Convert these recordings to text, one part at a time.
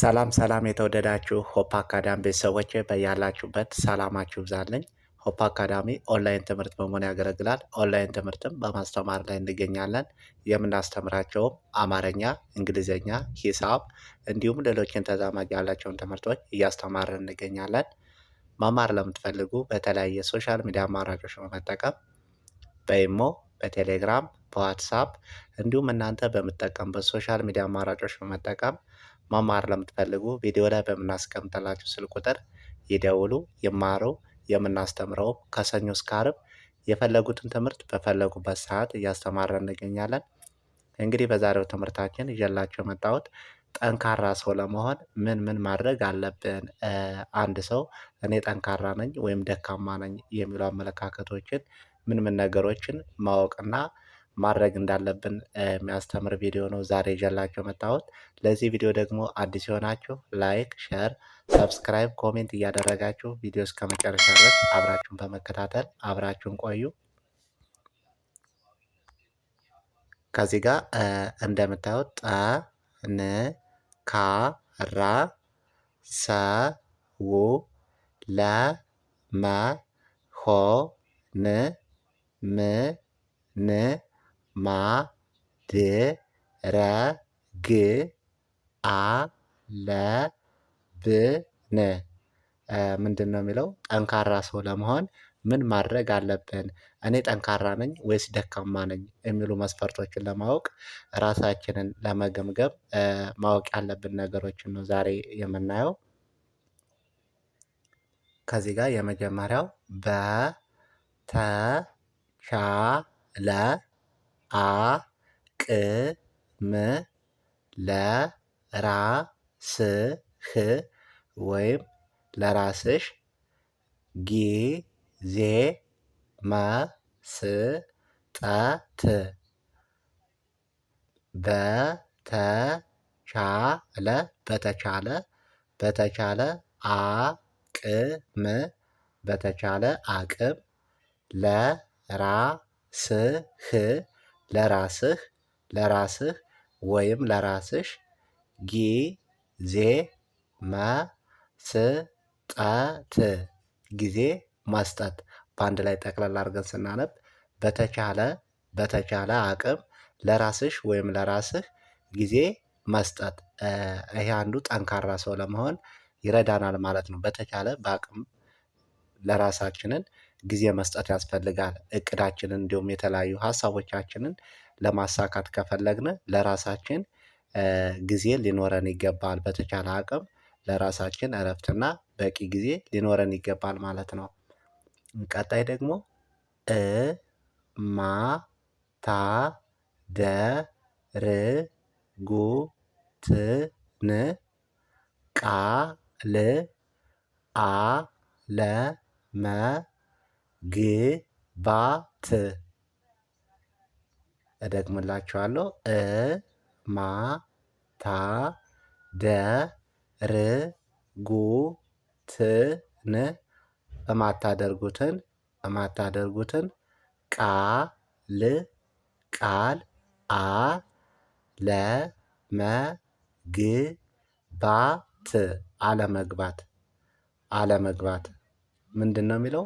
ሰላም ሰላም የተወደዳችሁ ሆፕ አካዳሚ ቤተሰቦች በያላችሁበት ሰላማችሁ ይብዛልኝ። ሆፕ አካዳሚ ኦንላይን ትምህርት በመሆን ያገለግላል። ኦንላይን ትምህርትም በማስተማር ላይ እንገኛለን። የምናስተምራቸውም አማርኛ፣ እንግሊዝኛ፣ ሂሳብ እንዲሁም ሌሎችን ተዛማጅ ያላቸውን ትምህርቶች እያስተማርን እንገኛለን። መማር ለምትፈልጉ በተለያየ ሶሻል ሚዲያ አማራጮች በመጠቀም በኢሞ፣ በቴሌግራም፣ በዋትሳፕ እንዲሁም እናንተ በምጠቀምበት ሶሻል ሚዲያ አማራጮች በመጠቀም መማር ለምትፈልጉ ቪዲዮ ላይ በምናስቀምጥላችሁ ስልክ ቁጥር ይደውሉ፣ ይማሩ። የምናስተምረው ከሰኞ እስከ ዓርብ የፈለጉትን ትምህርት በፈለጉበት ሰዓት እያስተማረ እንገኛለን። እንግዲህ በዛሬው ትምህርታችን ይዤላችሁ የመጣሁት ጠንካራ ሰው ለመሆን ምን ምን ማድረግ አለብን፣ አንድ ሰው እኔ ጠንካራ ነኝ ወይም ደካማ ነኝ የሚሉ አመለካከቶችን ምን ምን ነገሮችን ማወቅና ማድረግ እንዳለብን የሚያስተምር ቪዲዮ ነው ዛሬ ይዤላችሁ መጣሁት። ለዚህ ቪዲዮ ደግሞ አዲስ የሆናችሁ ላይክ፣ ሸር፣ ሰብስክራይብ፣ ኮሜንት እያደረጋችሁ ቪዲዮ እስከ መጨረሻ ድረስ አብራችሁን በመከታተል አብራችሁን ቆዩ። ከዚህ ጋር እንደምታዩት ጠ ን ካ ራ ሰ ው ለ መ ሆ ን ም ን ማድረግ አለብን። ምንድነው የሚለው ጠንካራ ሰው ለመሆን ምን ማድረግ አለብን? እኔ ጠንካራ ነኝ ወይስ ደካማ ነኝ የሚሉ መስፈርቶችን ለማወቅ ራሳችንን ለመገምገም ማወቅ ያለብን ነገሮችን ነው ዛሬ የምናየው። ከዚህ ጋር የመጀመሪያው በተቻለ አቅም ለራስህ ወይም ለራስሽ ጊዜ መስጠት በተቻለ በተቻለ በተቻለ አቅም በተቻለ አቅም ለራስህ ለራስህ ለራስህ ወይም ለራስሽ ጊዜ መስጠት ጊዜ መስጠት በአንድ ላይ ጠቅለል አድርገን ስናነብ በተቻለ በተቻለ አቅም ለራስሽ ወይም ለራስህ ጊዜ መስጠት ይሄ አንዱ ጠንካራ ሰው ለመሆን ይረዳናል ማለት ነው። በተቻለ በአቅም ለራሳችንን ጊዜ መስጠት ያስፈልጋል። እቅዳችንን እንዲሁም የተለያዩ ሀሳቦቻችንን ለማሳካት ከፈለግን ለራሳችን ጊዜ ሊኖረን ይገባል። በተቻለ አቅም ለራሳችን እረፍትና በቂ ጊዜ ሊኖረን ይገባል ማለት ነው። ቀጣይ ደግሞ እ ማ ታ ደ ር ጉ ት ን ቃ ል አ ለ መ ግባት እደግምላችኋለሁ እ ማ ታ ደ ር ጉ ት ን እማታደርጉትን እማታደርጉትን ቃል ቃል አ ለ መ ግ ባ ት አለመግባት አለመግባት ምንድን ነው የሚለው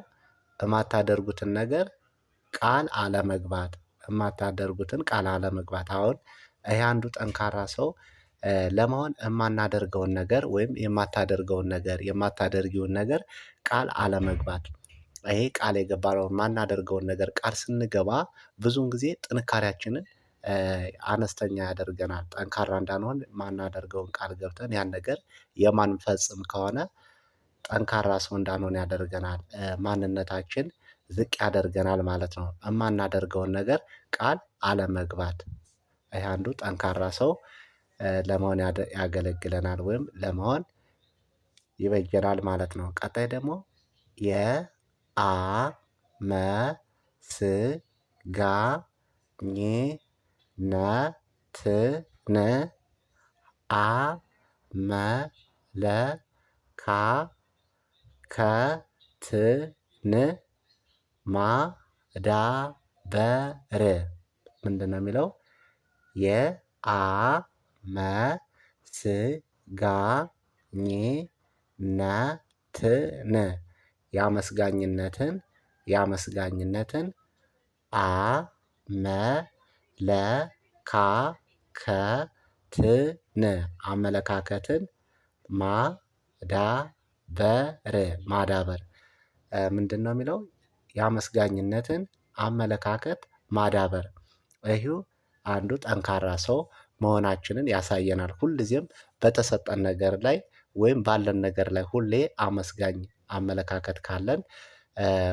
የማታደርጉትን ነገር ቃል አለመግባት የማታደርጉትን ቃል አለመግባት አሁን ይሄ አንዱ ጠንካራ ሰው ለመሆን የማናደርገውን ነገር ወይም የማታደርገውን ነገር የማታደርጊውን ነገር ቃል አለመግባት ይሄ ቃል የገባነውን የማናደርገውን ነገር ቃል ስንገባ ብዙውን ጊዜ ጥንካሬያችንን አነስተኛ ያደርገናል። ጠንካራ እንዳንሆን ማናደርገውን ቃል ገብተን ያን ነገር የማንፈጽም ከሆነ ጠንካራ ሰው እንዳንሆን ያደርገናል። ማንነታችን ዝቅ ያደርገናል ማለት ነው። የማናደርገውን ነገር ቃል አለመግባት ይህ አንዱ ጠንካራ ሰው ለመሆን ያገለግለናል ወይም ለመሆን ይበጀናል ማለት ነው። ቀጣይ ደግሞ የአመስጋኝነትን አመለካ ከትን ማዳበር ምንድን ነው የሚለው? የአመስጋኝነትን የአመስጋኝነትን የአመስጋኝነትን አመለካከትን አመለካከትን ማዳ በር ማዳበር ምንድነው የሚለው የአመስጋኝነትን አመለካከት ማዳበር ይህ አንዱ ጠንካራ ሰው መሆናችንን ያሳየናል። ሁልጊዜም በተሰጠን ነገር ላይ ወይም ባለን ነገር ላይ ሁሌ አመስጋኝ አመለካከት ካለን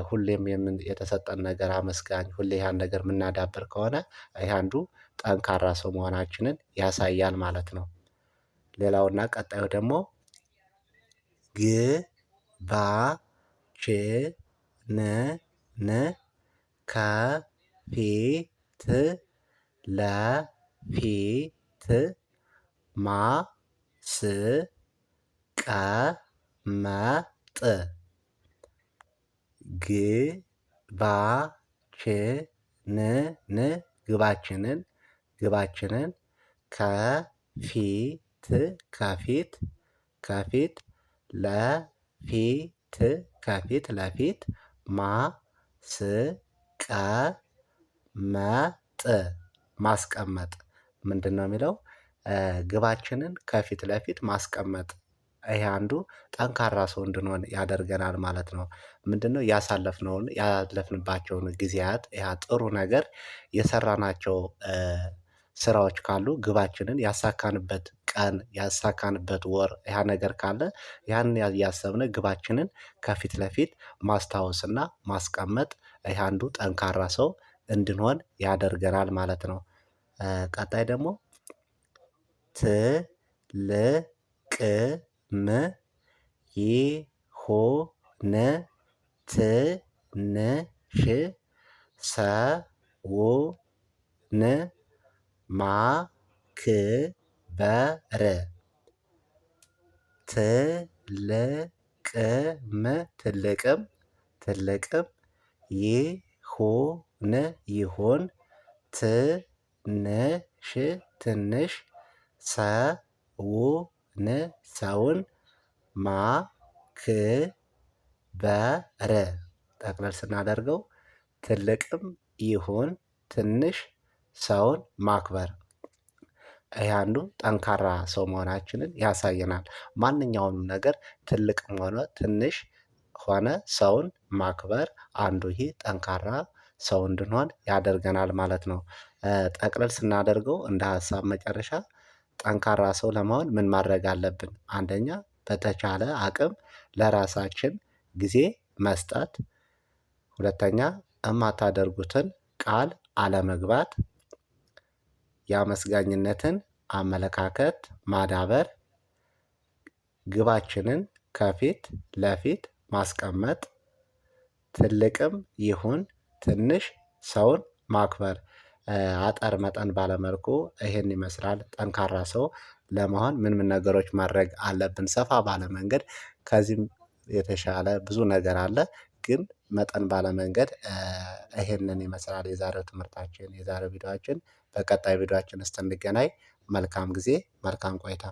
ሁሌም የተሰጠን ነገር አመስጋኝ ሁሌ ያን ነገር የምናዳብር ከሆነ ይህ አንዱ ጠንካራ ሰው መሆናችንን ያሳያል ማለት ነው። ሌላውና ቀጣዩ ደግሞ ች ግባችንን ከፊት ለፊት ማስቀመጥ ግባችንን ግባችንን ግባችንን ከፊት ከፊት ከፊት ለፊት ከፊት ለፊት ማስቀመጥ ማስቀመጥ ምንድን ነው የሚለው ግባችንን ከፊት ለፊት ማስቀመጥ ይሄ አንዱ ጠንካራ ሰው እንድንሆን ያደርገናል ማለት ነው። ምንድነው ያሳለፍነውን ያለፍንባቸውን ጊዜያት ያ ጥሩ ነገር የሰራናቸው ስራዎች ካሉ ግባችንን ያሳካንበት ቀን ያሳካንበት ወር ያ ነገር ካለ ያን ያሰብነ ግባችንን ከፊት ለፊት ማስታወስና ማስቀመጥ ይሄ አንዱ ጠንካራ ሰው እንድንሆን ያደርገናል ማለት ነው። ቀጣይ ደግሞ ትልቅም ይሆን ትንሽ ሰውን ማክበር ትልቅም ትልቅም ትልቅም ይሆን ይሆን ትንሽ ትንሽ ሰውን ሰውን ማክበር ጠቅለል ስናደርገው ትልቅም ይሁን ትንሽ ሰውን ማክበር ይህ አንዱ ጠንካራ ሰው መሆናችንን ያሳየናል። ማንኛውንም ነገር ትልቅም ሆነ ትንሽ ሆነ ሰውን ማክበር አንዱ ይሄ ጠንካራ ሰው እንድንሆን ያደርገናል ማለት ነው። ጠቅለል ስናደርገው እንደ ሀሳብ መጨረሻ ጠንካራ ሰው ለመሆን ምን ማድረግ አለብን? አንደኛ በተቻለ አቅም ለራሳችን ጊዜ መስጠት። ሁለተኛ የማታደርጉትን ቃል አለመግባት የአመስጋኝነትን አመለካከት ማዳበር ግባችንን ከፊት ለፊት ማስቀመጥ ትልቅም ይሁን ትንሽ ሰውን ማክበር አጠር መጠን ባለመልኩ ይሄን ይመስላል። ጠንካራ ሰው ለመሆን ምን ምን ነገሮች ማድረግ አለብን? ሰፋ ባለ መንገድ ከዚህም የተሻለ ብዙ ነገር አለ። ግን መጠን ባለመንገድ መንገድ ይሄንን ይመስላል የዛሬው ትምህርታችን የዛሬው ቪዲዮችን። በቀጣይ ቪዲዮአችን እስክንገናኝ መልካም ጊዜ መልካም ቆይታ